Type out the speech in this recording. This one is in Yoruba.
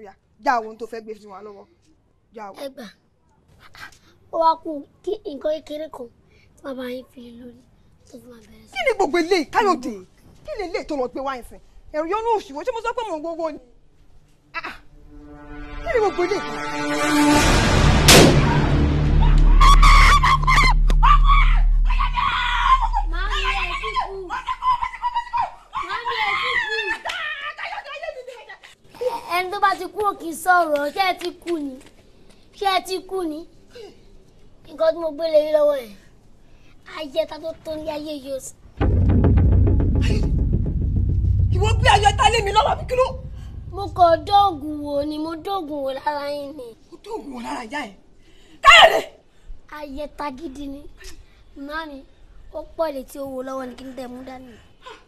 ríà já àwọn tó fẹ́ gbé sí wọn lọ́wọ́ já àwọn. ẹ gbà ó wá kú kí nǹkan kékeré kan tí bàbá yín fi lórí tó fi máa bẹ̀rẹ̀ sí. kí ni gbogbo eléyìí káyọ̀dé kí ni eléyìí tó lọ gbé wáyé sìn ẹ̀rù yọnu òṣìwọ́ ṣé mo sọ pé mo gbogbo ni ah, ah. kí ni gbogbo eléyìí. ẹni tó bá ti kú ò kì í sọ̀rọ̀ ṣé ẹ ti kú ni ṣé ẹ ti kú ni nǹkan tí mo gbé lè rí lọ́wọ́ ẹ̀ ayẹta tó tó ní ayé yìí ó sì. ìwọ gbé ayọta lé mi lọ́wọ́ kíkúrú. mo kọ dóògùn wo ni mo dóògùn wo lára yín ni. mo dóògùn wo lára ìyá ẹ káyọ̀dé. ayẹta gidi ni màmí ó pọ̀ létí owó lọ́wọ́ ni kí n tẹ̀ mú dání. Ah,